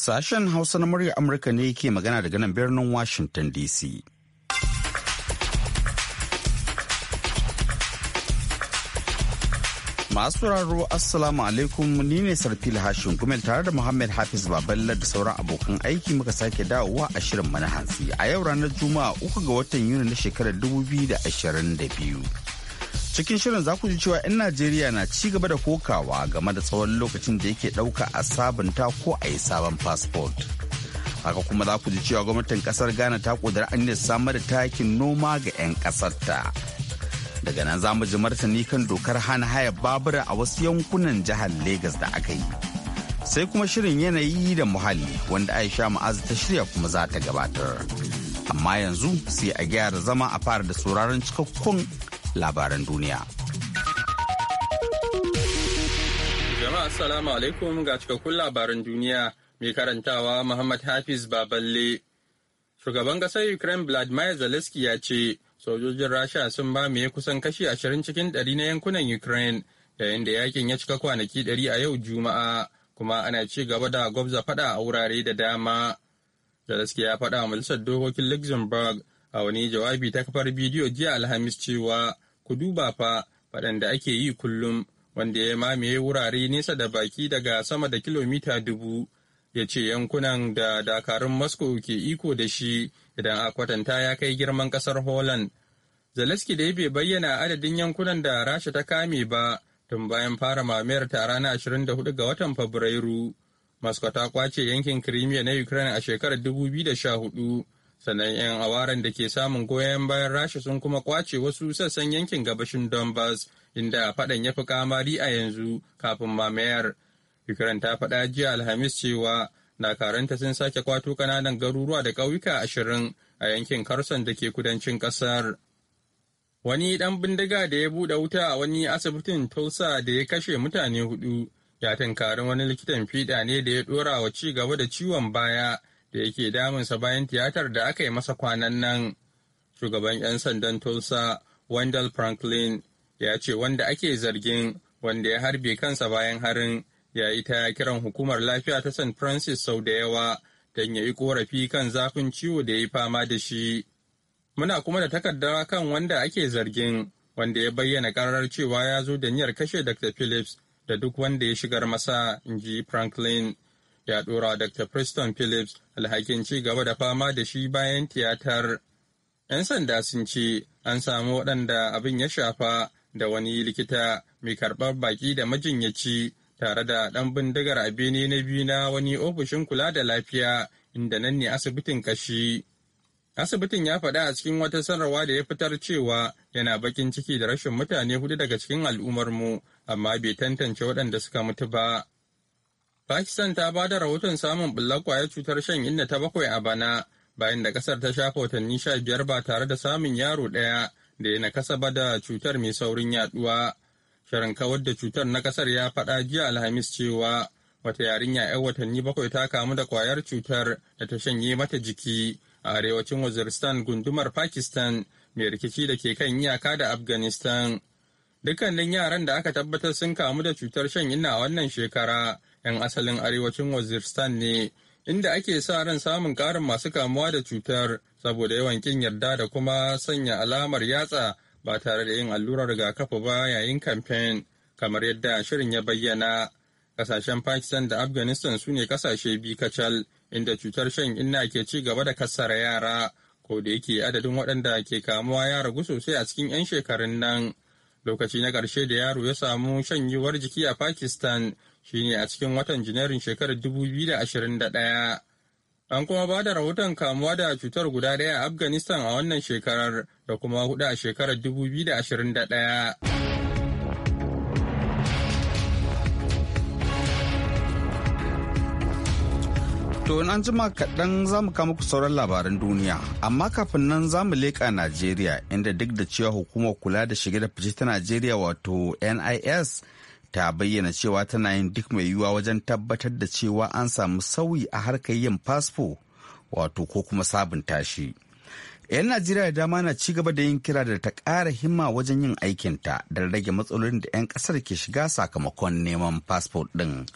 Sashen Hausa na murya Amurka ne ke magana daga nan birnin Washington DC. Masu raro Assalamu alaikum ni ne Sarfil Hashin Gumel tare da Muhammad Hafiz Baballa da sauran abokan aiki muka sake dawowa a shirin mana hantsi a yau ranar Juma'a uku ga watan Yuni na shekarar 2022. cikin shirin za ku ji cewa 'yan najeriya na ci gaba da kokawa game da tsawon lokacin da yake ɗauka a sabunta ko a yi sabon fasfot haka kuma za ku ji cewa gwamnatin kasar ghana ta ƙudura aniyar samar da takin noma ga 'yan ƙasarta daga nan za mu ji martani kan dokar hana haya babura a wasu yankunan jihar Legas da aka yi sai kuma shirin yanayi da muhalli wanda aisha ma'azu ta shirya kuma za ta gabatar amma yanzu sai a gyara zama a fara da sauraron cikakkun labaran duniya. Jama'a Assalamu alaikum ga cikakkun labaran duniya mai karantawa Muhammad Hafiz Baballe. Shugaban ƙasar Ukraine Vladimir Zelensky ya ce sojojin Rasha sun mamaye kusan kashi ashirin cikin ɗari na yankunan Ukraine yayin da yakin ya cika kwanaki ɗari a yau Juma'a kuma ana ci gaba da gwabza faɗa a wurare da dama. Zelensky ya faɗa wa Majalisar Dokokin Luxembourg a wani jawabi ta kafar bidiyo jiya alhamis cewa ku duba fa faɗan da ake yi kullum wanda ya mamaye wurare nesa da baki daga sama da kilomita dubu ya ce yankunan da dakarun moscow ke iko da shi idan a kwatanta ya kai girman kasar holland zaleski da bai bayyana adadin yankunan da rasha ta kame ba tun bayan fara mamayar ta ranar 24 ga watan fabrairu moscow ta kwace yankin crimea na ukraine a shekarar 2014 sannan 'yan awaren da ke samun goyon bayan rasha sun kuma kwace wasu sassan yankin gabashin donbass inda faɗan ya fi kamari a yanzu kafin mamayar ukraine ta faɗa jiya alhamis cewa dakaranta sun sake kwato kananan garuruwa da ƙauyuka ashirin a yankin karson da ke kudancin ƙasar wani ɗan bindiga da ya buɗe wuta a wani asibitin tulsa da ya kashe mutane hudu ya tunkari wani likitan fiɗa ne da ya ɗora wa ci gaba da ciwon baya da yake damunsa bayan tiyatar da aka yi masa kwanan nan. Shugaban 'yan sandan Tulsa, Wendell Franklin, ya ce wanda ake zargin wanda ya harbe kansa bayan harin ya yi ta kiran hukumar lafiya ta St. Francis sau da yawa don ya yi korafi kan zafin ciwo da ya yi fama da shi. Muna kuma da takardawa kan wanda ake zargin wanda ya bayyana karar cewa ya zo da niyyar kashe Dr. Phillips da duk wanda ya shigar masa, in ji Franklin. ya ɗora Dr. Preston Phillips alhakin ci gaba da fama da shi bayan tiyatar. 'Yan sanda sun ce an samu waɗanda abin ya shafa da wani likita mai karɓar baƙi da majinyaci tare da ɗan bindigar a bene na biyu na wani ofishin kula da lafiya inda nan ne asibitin kashi. Asibitin ya faɗa a cikin wata sanarwa da ya fitar cewa yana bakin ciki da rashin mutane hudu daga cikin al'ummarmu amma bai tantance waɗanda suka mutu ba. Pakistan ta ba da rahoton samun bullar kwayar cutar shan inna ta bakwai a bana bayan da kasar ta shafa watanni sha biyar ba tare da samun yaro ɗaya da ya kasa ba da cutar mai saurin yaduwa. Shirin kawar da cutar na kasar ya faɗa jiya Alhamis cewa wata yarinya 'yan watanni bakwai ta kamu da kwayar cutar da ta shanye mata jiki a arewacin Waziristan gundumar Pakistan mai rikici da ke kan iyaka da Afghanistan. Dukkanin yaran da aka tabbatar sun kamu da cutar shan inna a wannan shekara 'yan asalin arewacin waziristan ne inda ake sa ran samun ƙarin masu kamuwa da cutar saboda yawan kin yarda da kuma sanya alamar yatsa ba tare da yin allurar rigakafi ba yayin kamfen kamar yadda shirin ya bayyana kasashen pakistan da afghanistan su ne kasashe biyu kacal inda cutar shan inna ke ci gaba da kassara yara ko da yake adadin waɗanda ke kamuwa ya ragu sosai a cikin 'yan shekarun nan lokaci na ƙarshe da yaro ya samu shanyuwar jiki a pakistan shine a cikin watan janairun shekarar 2021 an kuma ba da rahoton kamuwa da cutar guda ɗaya a afghanistan a wannan shekarar da kuma hudu a shekarar 2021 To an jima kaɗan za mu kama ku sauran labaran duniya, amma kafin nan za mu leƙa Najeriya inda duk da cewa hukumar kula da shige da fice ta Najeriya wato NIS ta bayyana cewa tana yin duk mai yiwuwa wajen tabbatar da cewa an samu sauyi a harkar yin fasfo wato ko kuma sabunta shi. 'Yan Najeriya da dama na ci gaba da yin kira da ta ƙara himma wajen yin aikinta da rage matsalolin da 'yan ƙasar ke shiga sakamakon neman fasfo ɗin.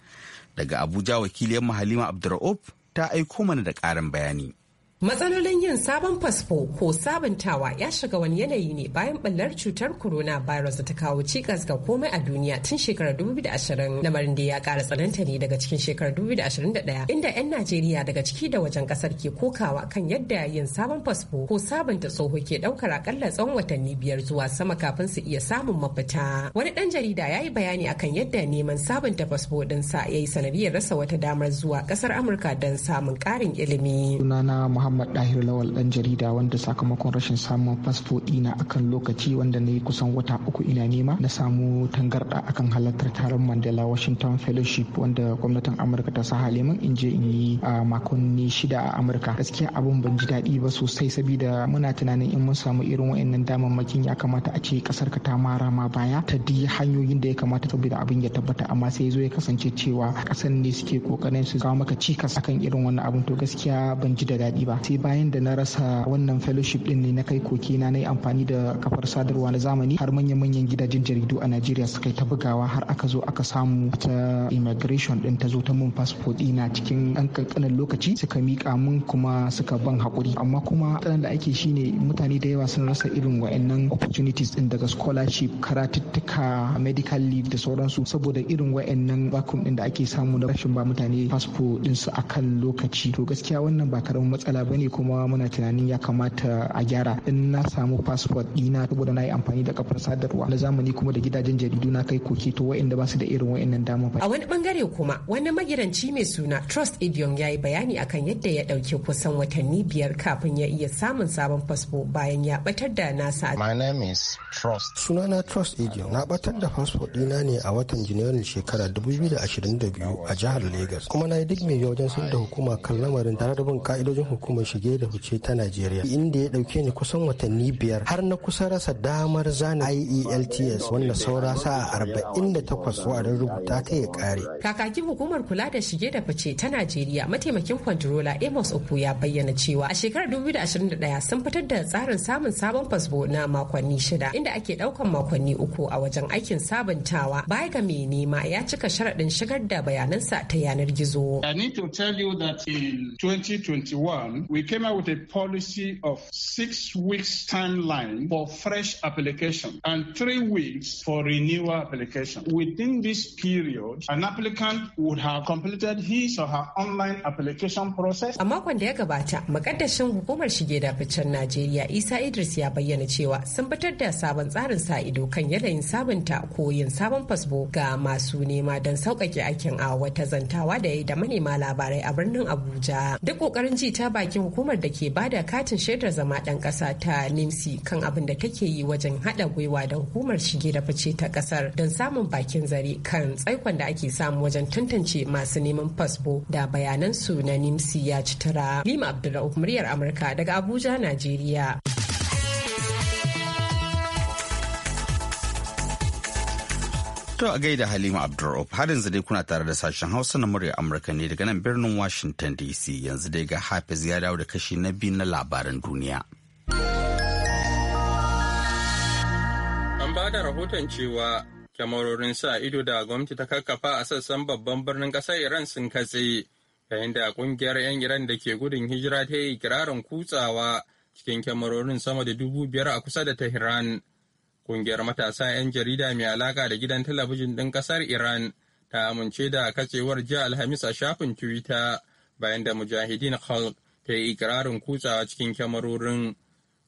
Daga Abuja wakiliyar Halima Abdur'uf ta aiko mana da ƙarin bayani. Matsalolin yin sabon fasfo ko sabuntawa ya shiga wani yanayi ne bayan ɓallar cutar coronavirus da ta kawo cikas ga komai a duniya tun shekarar 2020 lamarin da ya ƙara tsananta ne daga cikin shekarar 2021 inda 'yan Najeriya daga ciki da wajen ƙasar ke kokawa kan yadda yin sabon fasfo ko sabunta tsoho ke ɗaukar akalla tsawon watanni biyar zuwa sama kafin su iya samun mafita. Wani ɗan jarida ya yi bayani akan yadda neman sabunta fasfo ɗinsa ya yi sanadiyar rasa wata damar zuwa ƙasar Amurka don samun ƙarin ilimi. Sunana Muhammad Dahir Lawal dan jarida wanda sakamakon rashin samun fasfo na akan lokaci wanda na yi kusan wata uku ina nema na samu tangarda akan halartar taron Mandela Washington Fellowship wanda gwamnatin Amurka ta sa halimin in je in yi a makonni shida a Amurka. Gaskiya abun ban ji daɗi ba sosai saboda muna tunanin in mun samu irin wa'annan damammakin ya kamata a ce kasar ka ta mara ma baya ta di hanyoyin da ya kamata saboda abin ya tabbata amma sai zo ya kasance cewa kasan ne suke kokarin su kawo maka cikas akan irin wannan abun to gaskiya ban ji da daɗi ba ba sai bayan da na rasa wannan fellowship din ne na kai koke na yi amfani da kafar sadarwa na zamani har manyan manyan gidajen jaridu a Najeriya suka yi ta bugawa har aka zo aka samu ta immigration din ta zo ta mun passport ina cikin ɗan kankanin lokaci suka mika mun kuma suka ban hakuri amma kuma tsanan da ake shine mutane da yawa sun rasa irin wa'annan opportunities din daga scholarship karatuttuka medical leave da sauransu saboda irin wa'annan vacuum din da ake samu na rashin ba mutane passport din su akan lokaci to gaskiya wannan ba karamin matsala ba ne kuma muna tunanin ya kamata a gyara in na samu fasfot dina saboda na yi amfani da kafar sadarwa na zamani kuma da gidajen jaridu na kai koke to wa'inda ba su da irin inan dama ba. A wani bangare kuma wani magiranci mai suna Trust Idiom ya yi bayani akan yadda ya ɗauki kusan watanni biyar kafin ya iya samun sabon fasfo bayan ya batar da nasa. My name is Trust. Sunana Trust Idiom na batar da fasfo dina ne a watan Janairun shekara 2022 a jihar lagos. kuma na yi duk mai wajen sun da hukuma kan lamarin tare da bin ka'idojin hukuma kuma shige da fice ta Najeriya inda ya dauke ni kusan watanni biyar har na kusa rasa damar zana IELTS wanda saura sa a arba'in da 48 wa'adin rubuta ta ya kare. Kakakin hukumar kula da shige da fice ta Najeriya mataimakin kwandirola Amos Oku ya bayyana cewa a shekarar 2021 sun fitar da tsarin samun sabon fasbo na makonni shida inda ake ɗaukan makonni uku a wajen aikin sabuntawa baya ga mai nema ya cika sharaɗin shigar da bayanansa ta yanar gizo. I need to tell you that in 2021 we came out with a policy of six weeks timeline for fresh application and three weeks for renewal application. Within this period, an applicant would have completed his or her online application process. A makon da ya gabata, makaddashin hukumar shige da ficen Najeriya Isa Idris ya bayyana cewa sun fitar da sabon tsarin sa ido kan yanayin sabunta ko yin sabon fasbo ga masu nema don sauƙaƙe aikin a wata zantawa da ya yi da manema labarai a birnin Abuja. Duk ƙoƙarin ji ta baki bakin hukumar da ke bada katin shaidar zama ɗan ƙasa ta NIMSI kan abin da take yi wajen haɗa gwiwa da hukumar shige da fice ta ƙasar don samun bakin zare kan tsaikon da ake samu wajen tantance masu neman fasfo da bayanan su na NIMSI ya ci tara. Lima Abdullahi, muryar Amurka daga Abuja, Najeriya. To a gaida Halima Abdulrahman harin zai dai kuna tare da sashen Hausa na murya Amurka ne daga nan birnin Washington DC yanzu dai ga Hafiz ya dawo da kashi na biyu na labaran duniya. An ba da rahoton cewa kyamarorin sa ido da gwamnati ta kakkafa a sassan babban birnin ƙasar Iran sun katse yayin da kungiyar 'yan Iran da ke gudun hijira ta yi kirarin kutsawa cikin kyamarorin sama da dubu biyar a kusa da Tehran. Kungiyar matasa 'yan jarida mai alaka da gidan talabijin ɗin ƙasar Iran ta amince da katsewar jiya Alhamis a shafin Twitter bayan da Mujahideen Khalq ta yi ikirarin kutsawa cikin kyamarorin.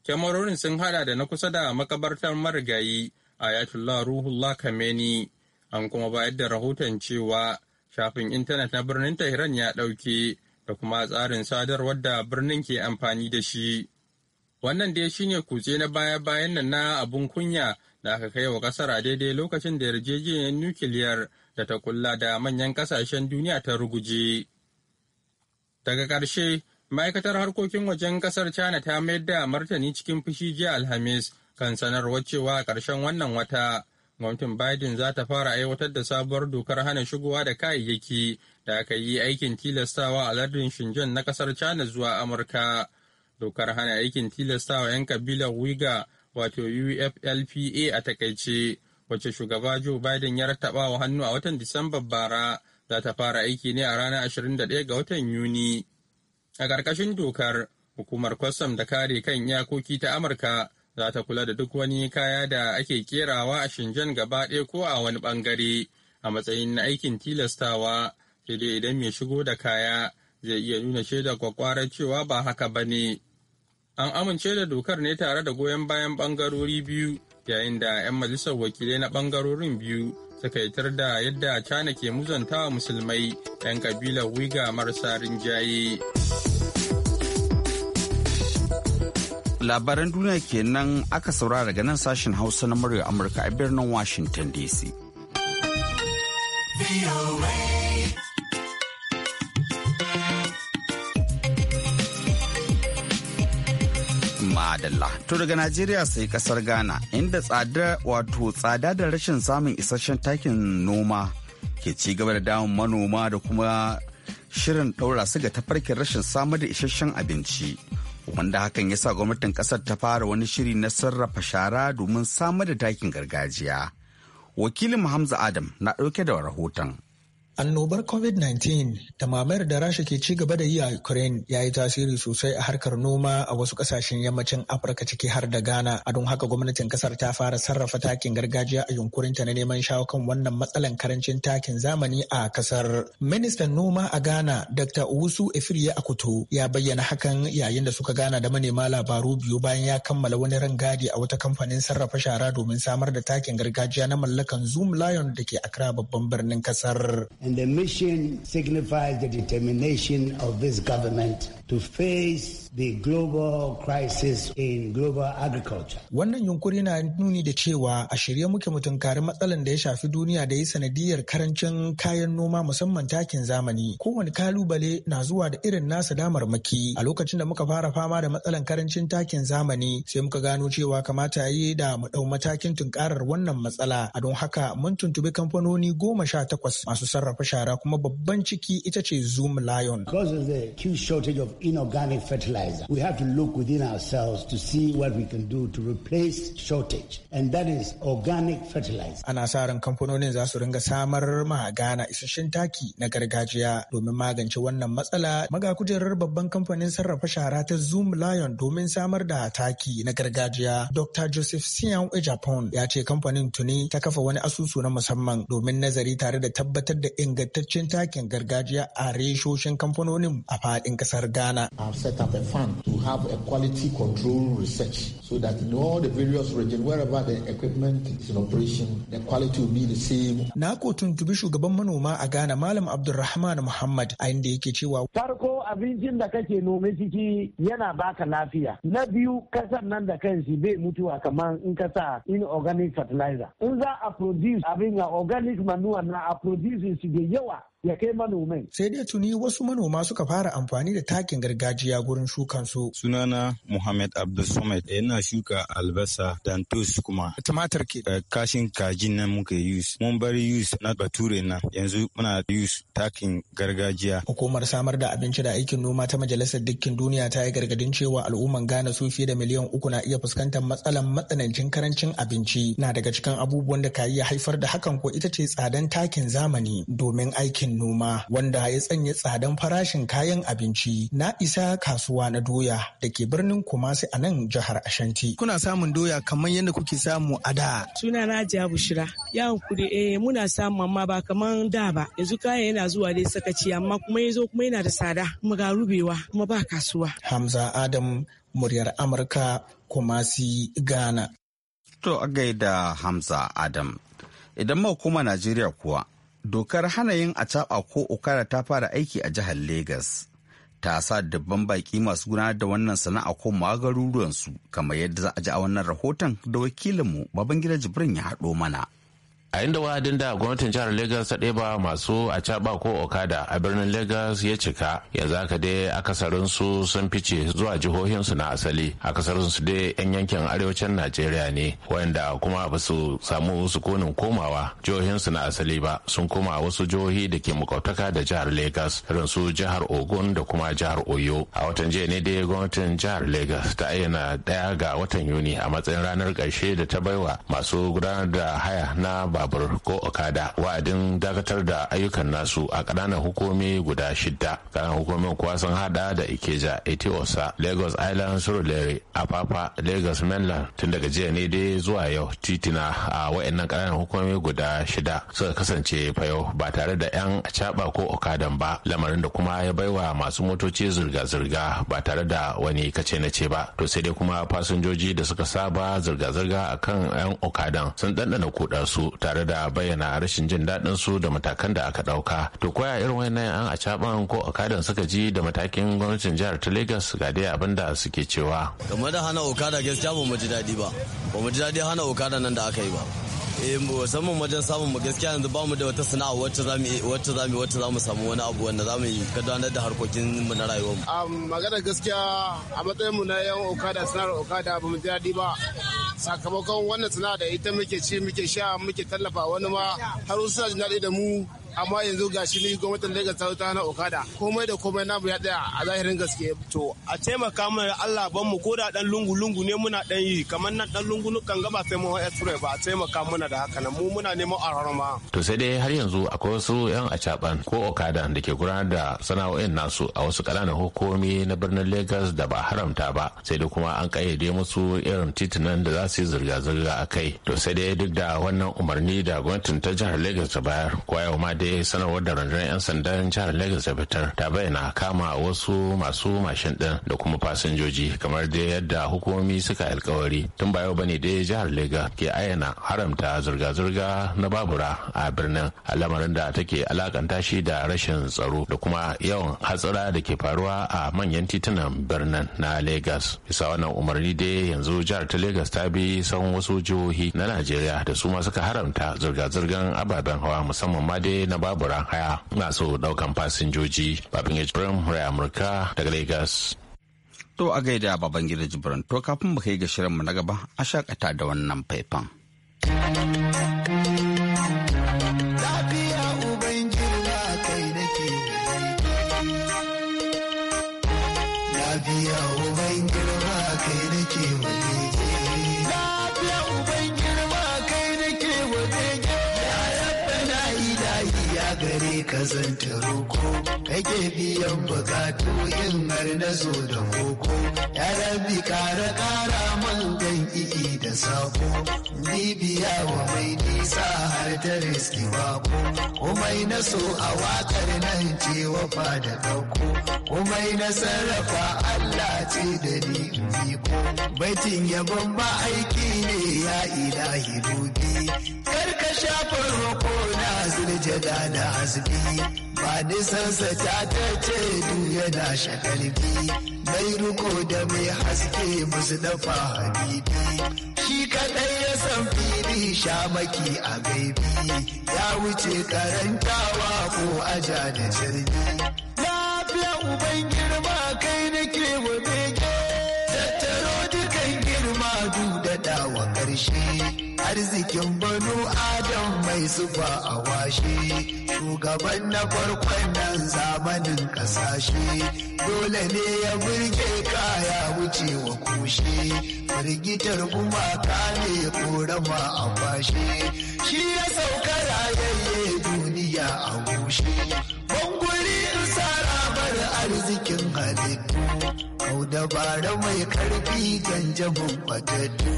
Kyamarorin sun hada da na kusa da makabartar marigayi Ayatollah Ruhullah Kameni, an kuma bayar da rahoton cewa shafin intanet na birnin Tehran ya ɗauke da kuma tsarin sadarwar da birnin ke amfani da shi. Wannan dai shine kutse na baya-bayan nan na abun kunya da aka kai wa kasar a daidai lokacin da yarjejeniyar nukiliyar da ta kulla da manyan kasashen duniya ta ruguje. Daga ƙarshe, ma'aikatar harkokin wajen kasar China ta mayar da martani cikin fushi jiya Alhamis kan sanarwar cewa a ƙarshen wannan wata. Gwamnatin Biden za ta fara aiwatar da sabuwar dokar hana shigowa da kayayyaki da aka yi aikin tilastawa a lardin Shenzhen na kasar China zuwa Amurka. dokar hana aikin tilastawa 'yan kabilar wiga wato uflpa a takaice wace shugaba joe biden ya rataba wa hannu a watan disamba bara za ta fara aiki ne a ranar 21 ga watan yuni a ƙarƙashin dokar hukumar kwastam da kare kan iyakoki ta amurka za ta kula da duk wani kaya da ake kerawa a shinjan gaba ɗaya ko a wani bangare a matsayin na aikin tilastawa sai dai idan mai shigo da kaya zai iya nuna shaidar kwakwarar cewa ba haka ba ne An amince da dokar ne tare da goyon bayan bangarori biyu yayin da 'yan majalisar wakilai na bangarorin biyu suka da yadda cana ke muzantawa musulmai 'yan kabilar wiga marasa rinjaye. Labaran duniya kenan aka saurara daga nan sashen Hausa na murya Amurka a birnin Washington DC. madalla. To daga Najeriya sai kasar Ghana inda tsada wato tsada da rashin samun isasshen takin noma ke ci gaba da damun manoma da kuma shirin ɗaura su ga tafarkin rashin samar da isasshen abinci. Wanda hakan ya sa gwamnatin kasar ta fara wani shiri na sarrafa shara domin samar da takin gargajiya. Wakilin Hamza Adam na ɗauke da rahoton. Annobar COVID-19 da mamayar da Rasha ke ci gaba da yi a Ukraine ya yi tasiri sosai a harkar noma a wasu kasashen yammacin Afirka ciki har da Ghana. A don haka gwamnatin kasar ta fara sarrafa takin gargajiya a yunkurinta na neman shawo kan wannan matsalan karancin takin zamani a kasar. Ministan noma a Ghana, Dr. Usu Efirye Akuto, ya bayyana hakan yayin da suka gana da manema labaru biyu bayan ya kammala wani rangadi a wata kamfanin sarrafa shara domin samar da takin gargajiya na mallakan Zoom Lion da ke Accra babban birnin kasar. And the mission signifies the determination of this government to face the global crisis in global agriculture. Wannan yunkuri na nuni da cewa a shirye muke mu tunkari matsalan da ya shafi duniya da ya sanadiyar karancin kayan noma musamman takin zamani. Kowane kalubale na zuwa da irin nasa damarmaki. A lokacin da muka fara fama da matsalan karancin takin zamani sai muka gano cewa kamata yi da mu ɗau matakin tunkarar wannan matsala. A don haka mun tuntubi kamfanoni goma sha takwas masu sarrafa shafi shara kuma babban ciki ita ce zoom lion because of the huge shortage of inorganic fertilizer we have to look within ourselves to see what we can do to replace shortage and that is organic fertilizer ana sa ran kamfanonin za su ringa samar ma isasshen taki na gargajiya domin magance wannan matsala maga kujerar babban kamfanin sarrafa shara ta zoom lion domin samar da taki na gargajiya dr joseph siyan japan ya ce kamfanin tuni ta kafa wani asusu na musamman domin nazari tare da tabbatar da ingantaccen takin gargajiya a reshoshin kamfanonin a faɗin ƙasar Ghana. I've set up a fund to have a quality control research so that in all the various regions wherever the equipment is in operation the quality will be the same. Na ko tuntubi shugaban manoma a Ghana Malam Abdulrahman Muhammad a inda yake cewa. Farko abincin da kake nome ciki yana baka lafiya. Na biyu kasan nan da kanshi bai mutuwa kamar in kasa in inorganic fertilizer. In za a produce abin a organic manure na a produce yawa ya kai manomai. Sai dai tuni wasu manoma suka fara amfani da takin gargajiya gurin shukansu. Sunana Muhammad Abdul Samad yana shuka albasa dantus kuma. Tumatir ke. Eh, kashin kajin nan muka use. Mun bari use na bature na yanzu muna use takin gargajiya. Hukumar samar da abinci da aikin noma ta Majalisar Dukkin Duniya ta yi gargadin cewa al'umman Ghana su fiye da miliyan uku na iya fuskantar matsalar matsanancin karancin abinci na daga cikin abubuwan da ka iya haifar da hakan ko ita ce tsadan takin zamani domin aikin aikin noma wanda ya tsanya tsadan farashin kayan abinci na isa kasuwa na doya da ke birnin Kumasi a nan jihar Ashanti. Kuna samun doya kamar yadda kuke samu a da. Suna na Hajiya Bushira. Yawon kudi eh muna samu amma ba kamar da ba. Yanzu kaya yana zuwa dai sakaci amma kuma yazo kuma yana da tsada kuma ga rubewa kuma ba kasuwa. Hamza Adam muryar Amurka Kumasi Ghana. To a gaida Hamza Adam. Idan ma Najeriya kuwa dokar hana yin acaɓa ko okara ta fara aiki a jihar Legas. Ta sa dabban baƙi masu gudanar da wannan sana'a ko garuruwansu kamar yadda za a ji a wannan rahoton da wakilinmu Babangida Jibrin ya haɗo mana. a inda wahadin da gwamnatin jihar Legas ta ɗeba masu a caba ko okada a birnin Legas ya cika yanzu haka dai akasarin su sun fice zuwa jihohin su na asali akasarin su dai yan yankin arewacin najeriya ne wanda kuma ba su samu sukunin komawa jihohin su na asali ba sun koma wasu jihohi da ke mukautaka da jihar Legas irin su jihar ogun da kuma jihar oyo a watan jiya ne dai gwamnatin jihar Legas ta ayyana ɗaya ga watan yuni a matsayin ranar ƙarshe da ta baiwa masu gudanar da haya na babur ko okada wa'adin dakatar da ayyukan nasu a ƙananan hukumi guda shida ƙananan hukumin kuwa sun hada da ikeja etiosa lagos island surulere apapa lagos mainland tun daga jiya ne dai zuwa yau titina a wa'annan ƙananan hukumi guda shida suka kasance fayau ba tare da 'yan caɓa ko okadan ba lamarin da kuma ya baiwa masu motoci zirga-zirga ba tare da wani kace na ce ba to sai dai kuma fasinjoji da suka saba zirga-zirga akan 'yan okadan sun ɗanɗana kuɗa su tare da bayyana rashin jin daɗin su da matakan da aka ɗauka to koya irin wannan an a caban ko a kadan suka ji da matakin gwamnatin jihar ta lagos ga dai abin da suke cewa game da hana okada gaskiya ba mu ji daɗi ba ba mu ji daɗi hana okada nan da aka yi ba eh, musamman wajen samun mu gaskiya yanzu bamu da wata sana'a wacce za mu wacce za mu wacce za mu samu wani abu wanda za mu gudanar da harkokin mu na rayuwar mu. magana gaskiya a matsayin mu na yan okada sanar okada ba mu ji daɗi ba sakamakon wannan sana'a da ita muke ci muke sha muke tallafa wani ma har wasu suna jin daɗi da mu amma yanzu gashi ni gwamnatin Lagos ta ta na Okada komai da komai na ya tsaya a zahirin gaske to a taimaka mana Allah ban mu ko dan lungu lungu ne muna dan yi kamar nan dan lungu nukan gaba sai mu ba a taimaka mana da haka mu muna neman arharma to sai dai har yanzu akwai wasu yan acaban ko Okada da ke gudanar da sana'o'in nasu a wasu kananan hukumomi na birnin Lagos da ba haramta ba sai dai kuma an kayyade musu irin titunan da za su yi zirga-zirga a kai to sai dai duk da wannan umarni da gwamnatin ta jihar Lagos ta bayar ko ma dai ya sanarwar da rundunar 'yan sandan jihar lagos ya fitar ta bayyana kama wasu masu mashin din da kuma fasinjoji kamar da yadda hukumomi suka alkawari tun ba yau bane dai jihar lagos ke ayyana haramta zirga-zirga na babura a birnin a al'amarin da take alakanta shi da rashin tsaro da kuma yawan hatsara da ke faruwa a manyan titunan birnin na lagos bisa wannan umarni dai yanzu jihar ta lagos ta bi san wasu jihohi na najeriya da su ma suka haramta zirga-zirgan ababen hawa musamman ma dai na na baburan haya masu daukan fasinjoji babin ejibirin rai amurka daga lagos to a gaida baban gida jibrin to kafin mu kai ga shirinmu na gaba a shakata da wannan faifan biyan bukatu in na zo da koko ya rabi kara kara man dan iki da sako biya wa mai nisa har ta riski bako komai na so a wakar nan ce fa da dauko komai na sarrafa Allah ce da ni biko baitin ya ba aiki ne ya ilahi dubi kar ka shafa roko na ziljada da azbi hadisansa ta ta ce du na shakalbi mai ruko da mai haske musu dafa habibi shi kaɗai ya san fili shamaki a gaibi ya wuce karantawa ko aja da jirgi lafiya uban girma kai nake wa bege tattaro dukan girma du da dawa ƙarshe arzikin banu adam mai zuba a washe shugaban na farkon nan zamanin kasashe dole ne ya burge kaya wuce wa kushe firgitar gumaka ne korama a fashe shi ya sauka rayayye duniya a gushe banguri in sara bar arzikin dabara mai karfi kan jabin fatattu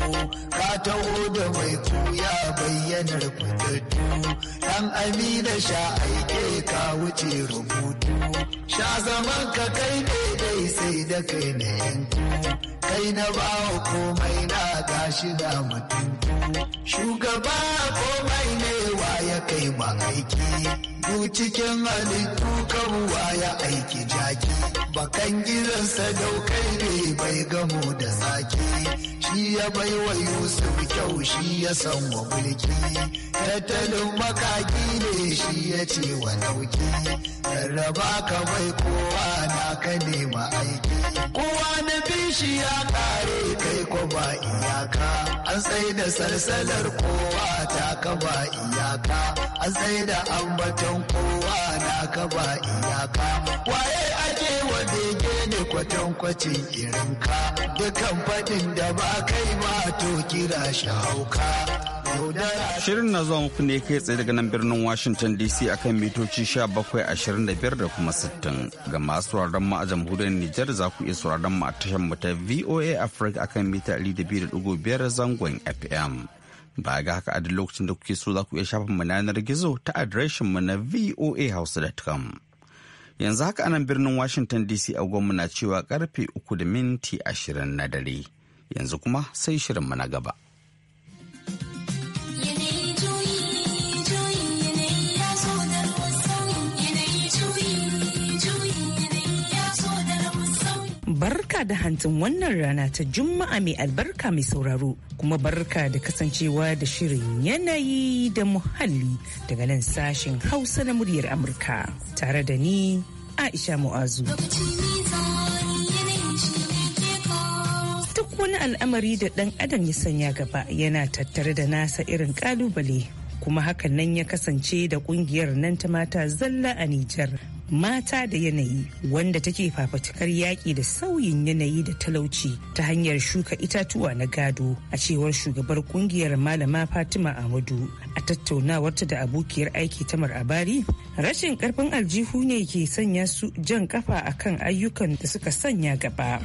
ka taho da mai kuya bayyanar fatattu dan amina sha aike ka wuce rubutu sha zaman ka kai daidai sai da kai na yanku kai na bawa komai na gashi da mutum shugaba komai ne wa ya kai ma aiki du cikin halittu wa ya aiki jaki bakan gidansa daukai ne bai gamo da zaki shi ya bai wa Yusuf kyau shi ya san wa mulki tattalin makaki ne shi ya ce wa nauki rarraba ka mai kowa na ka nema aiki kowa na shi ya kare kai ko ba iyaka an sai da salsalar kowa ta ka ba iyaka an sai da ambaton kowa na ka ba iyaka waye ake wa bege kwatankwacin irinka dukan fadin da ba kai ma to kira shi Shirin na zuwa muku ne kai tsaye daga nan birnin Washington DC akan mitoci 1725 da kuma 60 ga masu sauraron mu a jamhuriyar Nijar za ku iya sauraron mu a tashar mu ta VOA Africa akan mita 200.5 zangon FM. Ba ga haka a duk lokacin da kuke so za ku iya shafin mu yanar gizo ta adireshin mu na voahausa.com. yanzu haka anan birnin washington dc agonmu na cewa karfe uku da minti ashirin na dare yanzu kuma sai shirinmu na gaba barka da hantin wannan rana ta Juma'a mai albarka mai sauraro kuma barka da kasancewa da shirin yanayi da muhalli daga nan sashen Hausa na muryar Amurka tare da ni Aisha Mu'azu. Duk wani al'amari da ɗan adam ya sanya gaba yana tattare da nasa irin ƙalubale kuma hakan nan ya kasance da kungiyar nan ta mata zalla a Nijar. Mata da yanayi wanda take fafatukar yaƙi da sauyin yanayi da talauci ta hanyar shuka itatuwa na gado a cewar shugabar kungiyar malama Fatima Ahmadu a tattaunawarta da abokiyar aiki Tamar Abari rashin karfin aljihu ne ke sanya su jan kafa akan ayyukan da suka sanya gaba.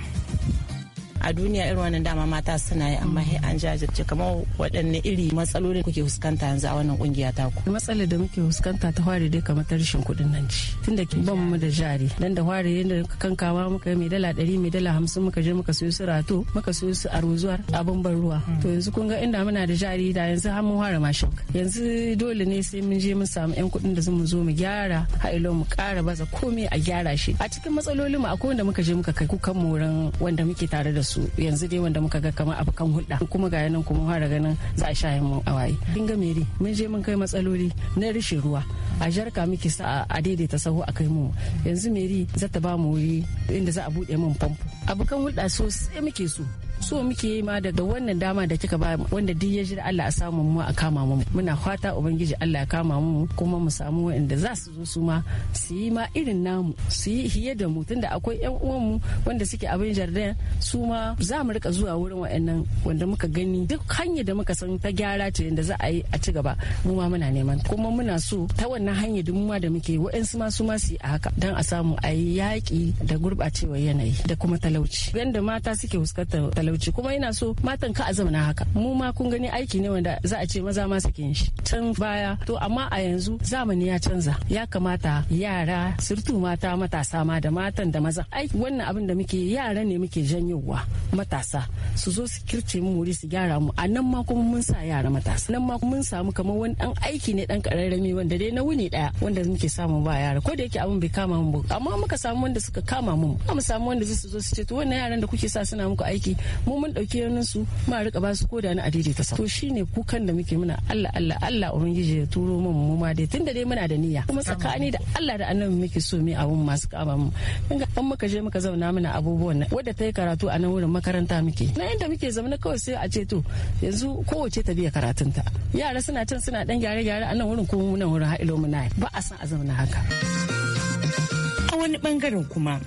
a duniya irin wannan dama mata suna yi amma sai an jajirce kamar waɗanne iri matsaloli kuke fuskanta yanzu a wannan kungiya ta ku matsalar da muke fuskanta ta hware dai kamar ta kuɗin nan ci tunda ban mu da jari dan da hware yanda kankawa muka yi mai dala ɗari mai dala hamsin muka je muka sayo su rato muka sayo su arozuwar abin ban ruwa hmm. to yanzu kun ga inda muna da jari da yanzu har mun hware mashin yanzu dole ne sai mun je mun samu yan kuɗin da zan mu zo mu gyara hailo mu ƙara baza komai a gyara shi a cikin matsalolin mu akwai wanda muka je muka kai kukan mu wurin wanda muke tare da su su yanzu dai wanda muka ga kamar abu kan hulɗa kuma ga yanan kuma fara ganin za a sha mu a waye dinga meri mun je mun kai matsaloli na rishin ruwa a jarka muke sa a daidaita sahu a kai mu yanzu meri za ta ba mu wuri inda za a buɗe min famfo abokan hulɗa sosai muke so so muke yi ma daga wannan dama da kika ba wanda duk ya ji Allah a samu mu a kama mu muna fata ubangiji Allah ya kama mu kuma mu samu wanda za su zo su ma su yi ma irin namu su yi hiye da mu tunda akwai yan uwan mu wanda suke abin jardin su ma za mu rika zuwa wurin waɗannan wanda muka gani duk hanya da muka san ta gyara ce yanda za a yi a ci gaba mu ma muna neman kuma muna so ta hanya hanyar ma da muke wa'ansu ma su masu a haka don a samu a yi yaƙi da gurɓacewar yanayi da kuma talauci Yanda mata suke fuskantar talauci kuma yana so matan ka a na haka mu ma kun gani aiki ne wanda za a ce maza ma su yin shi can baya to amma a yanzu zamani ya canza ya kamata yara surtu mata matasa ma da matan da maza ai wannan abin da muke yara ne muke janyowa matasa su zo su kirce mu wuri su gyara mu a nan ma kuma mun sa yara matasa nan ma mun samu kamar wani ɗan aiki ne dan ƙararrami wanda dai na ne daya wanda muke samu ba yara ko da yake abin bai kama mu amma muka samu wanda suka kama mu amma mu samu wanda zai zo su ce to wannan yaran da kuke sa suna muku aiki mu mun dauke yanin su ma rika ba su koda a adidi ta sa to shine kukan da muke muna Allah Allah Allah ubangiji ya turo mu mu ma dai tunda dai muna da niyya kuma tsakani da Allah da annabi muke so mu abun masu kama mu kinga an muka je muka zauna muna abubuwan nan wadda ta yi karatu a nan wurin makaranta muke na inda muke zaune kawai sai a ce to yanzu kowace ta biya karatunta yara suna can suna dan gyare-gyare a nan wurin ko nan wurin ha'ilo mu ba a san a zauna haka a wani bangaren kuma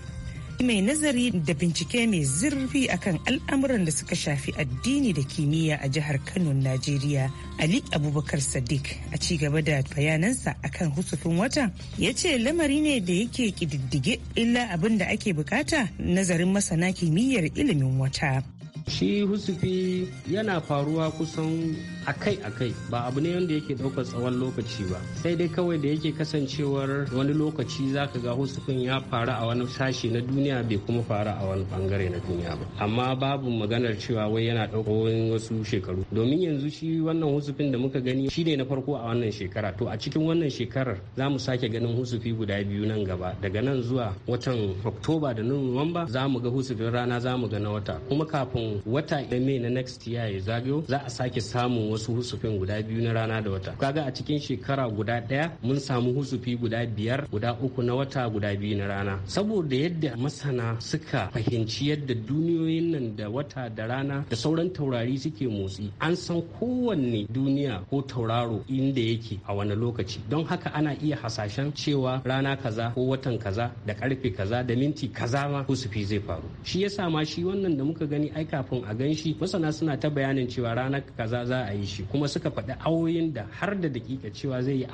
mai nazari da bincike mai zurfi akan al'amuran da suka shafi addini da kimiyya a jihar kano najeriya ali abubakar sadiq a ci gaba da bayanansa akan husufin wata ya ce lamari ne da yake kididdige illa abin da ake bukata nazarin masana kimiyyar ilimin wata shi husufi yana faruwa kusan akai-akai ba abu ne wanda yake ɗaukar tsawon lokaci ba sai dai kawai da yake kasancewar wani lokaci zaka ga husufin ya faru a wani sashi na duniya bai kuma faru a wani bangare na duniya ba amma babu maganar cewa wai yana ɗaukar wasu shekaru domin yanzu shi wannan husufin da muka gani shi ne na farko a wannan shekara to a cikin wannan shekarar za mu sake ganin husufi guda biyu nan gaba daga nan zuwa watan oktoba da nuwamba za mu ga husufin rana za mu ga na wata kuma kafin wata na mai na next year ya zagayo za a sake samun wasu husufin guda biyu na rana da wata kaga a cikin shekara guda ɗaya mun samu husufi guda biyar guda uku na wata guda biyu na rana saboda yadda masana suka fahimci yadda duniyoyin nan da wata da rana da sauran taurari suke motsi an san kowanne duniya ko tauraro inda yake a wani lokaci don haka ana iya hasashen cewa rana kaza ko watan kaza da karfe kaza da minti kaza ma husufi zai faru shi yasa ma shi wannan da muka gani ai kafin a gan shi masana suna ta bayanin cewa ranar kaza za a yi shi kuma suka faɗi awoyin da har da dakika cewa zai yi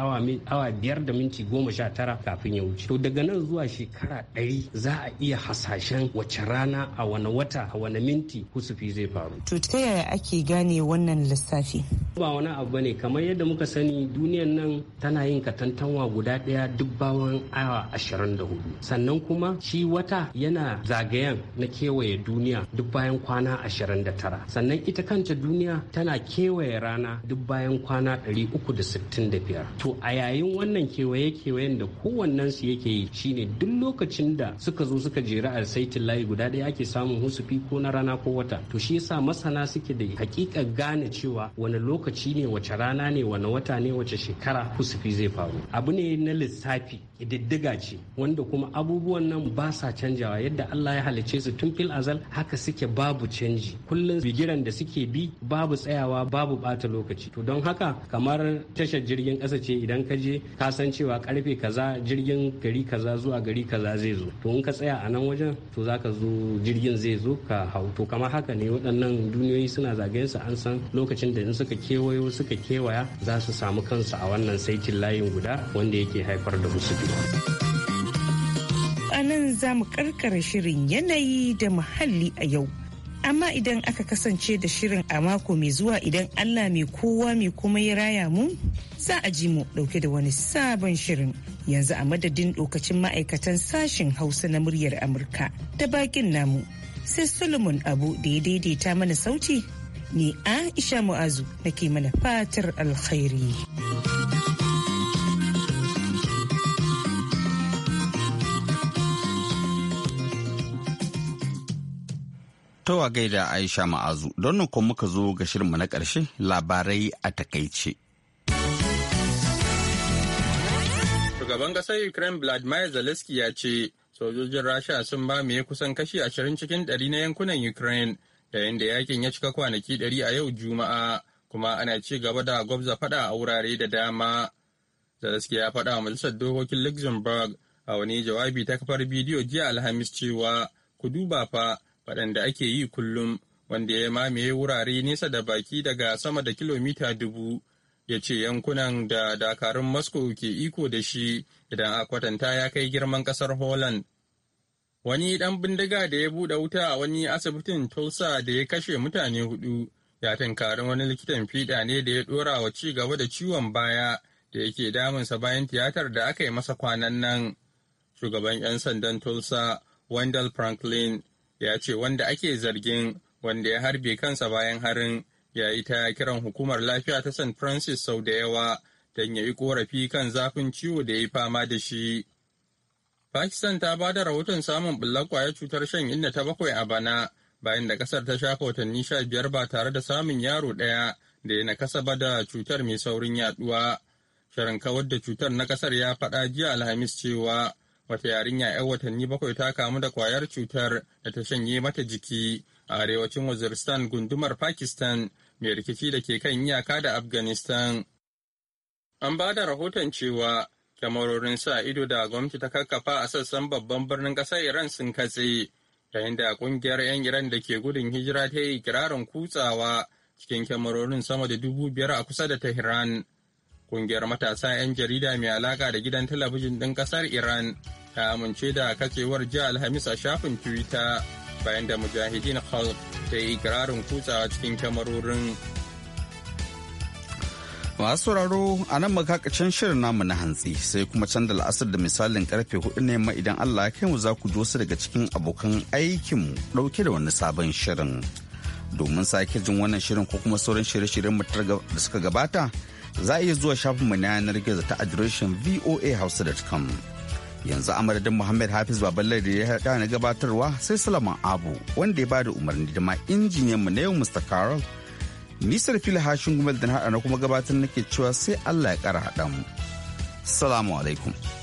awa biyar da minti goma sha tara kafin ya wuce to daga nan zuwa shekara ɗari za a iya hasashen wace rana a wani wata a wani minti kusufi zai faru to ta yaya ake gane wannan lissafi ba wani abu ne kamar yadda muka sani duniyar nan tana yin katantanwa guda ɗaya duk bawon awa ashirin da hudu sannan kuma shi wata yana zagayen na kewaye duniya duk bayan kwana ashirin da tara sannan ita kanta duniya tana kewaye rana duk bayan kwana 365 to a yayin wannan kewaye-kewayen da kowannen su yake yi shine duk lokacin da suka zo suka jera a saitin layi guda ɗaya ake samun husufi ko na rana ko wata to shi yasa masana suke da hakika gane cewa wani lokaci ne wace rana ne wani wata ne wace shekara husufi zai faru abu ne na lissafi ƙididdiga ce wanda kuma abubuwan nan ba sa canjawa yadda Allah ya halicce su tun fil azal haka suke babu canji kullum bigiran da suke bi babu tsayawa babu bata lokaci to don haka kamar tashar jirgin kasa ce idan ka je ka san cewa karfe kaza jirgin gari kaza zuwa gari kaza zai zo to in ka tsaya a nan wajen to za ka zo jirgin zai zo ka hau to kamar haka ne waɗannan duniyoyi suna zagayen su an san lokacin da in suka kewayo suka kewaya za su samu kansu a wannan saitin layin guda wanda yake haifar da musu a nan za mu karkara shirin yanayi da muhalli a yau amma idan aka kasance da shirin a mako mai zuwa idan allah mai kowa mai kuma ya raya mu za a ji mu dauke da wani sabon shirin yanzu a madadin lokacin ma'aikatan sashen hausa na muryar amurka da bakin namu sai solomon abu da ya daidaita mana sauti ni aisha mu'azu nake mana fatar alkhairi. a gaida Aisha Ma'azu, don nan kuma muka zo ga shirinmu na ƙarshe labarai a takaice. Shugaban ƙasar Ukraine Vladimir Zelensky ya ce sojojin Rasha sun mamaye kusan kashi ashirin cikin ɗari na yankunan Ukraine da yadda yakin ya cika kwanaki ɗari a yau Juma'a kuma ana ci gaba da gwabza faɗa a wurare da dama. Zelensky ya faɗa wa majalisar dokokin Luxembourg a wani jawabi ta kafar bidiyo jiya Alhamis cewa ku duba fa waɗanda ake yi kullum wanda ya mamaye wurare nesa da baki daga sama da kilomita dubu ya ce yankunan da dakarun moscow ke iko da shi idan a kwatanta ya kai girman ƙasar holland wani ɗan bindiga da ya buɗe wuta a wani asibitin tulsa da ya kashe mutane hudu ya tinkari wani likitan fiɗa ne da ya ɗora wa ci gaba da ciwon baya da yake damunsa bayan tiyatar da aka yi masa kwanan nan shugaban 'yan sandan tulsa wendell franklin ya ce wanda ake zargin wanda ya harbe kansa bayan harin ya yi ta kiran hukumar lafiya ta san Francis sau da yawa don ya yi korafi kan zafin ciwo da ya yi fama da shi. Pakistan ta ba da rahoton samun bullar kwayar cutar shan inda ta bakwai a bana bayan da kasar ta shafa watanni sha biyar ba tare da samun yaro ɗaya da ya nakasa ba da cutar mai saurin yaduwa. Shirin kawar da cutar na kasar ya faɗa jiya Alhamis cewa wata yarinya 'yan watanni bakwai ta kamu da kwayar cutar da ta shanye mata jiki a arewacin waziristan gundumar pakistan mai rikici da ke kan iyaka da afghanistan an ba da rahoton cewa kyamarorin sa ido da gwamnati ta kakkafa a sassan babban birnin ƙasar iran sun katse yayin da kungiyar 'yan iran da ke gudun hijira ta yi kirarin kutsawa cikin kyamarorin sama da dubu biyar a kusa da tehran Kungiyar matasa 'yan jarida mai alaka da gidan talabijin ɗin ƙasar Iran ta amince da kacewar jiya Alhamis a shafin Twitter bayan da mujahidin Khalq ta yi ikirarin kutsawa cikin kyamarorin. Masu sauraro a nan makakacin shirin namu na hantsi sai kuma canza la'asar da misalin karfe hudu ne ma idan Allah ya kai mu za ku ji wasu daga cikin abokan aikinmu ɗauke da wani sabon shirin. Domin sake jin wannan shirin ko kuma sauran shirye-shiryen da suka gabata za a iya zuwa shafin mu na yanar gizo ta adireshin voahausa.com. Yanzu a madadin Muhammad Hafiz Babalar da ya haɗa na gabatarwa sai Salaman Abu wanda ya bada umarni da ma mu na yau Mr. Carol. Nisar fili hashin gumel da na kuma gabatar nake cewa sai Allah ya kara haɗa mu. Salamu alaikum.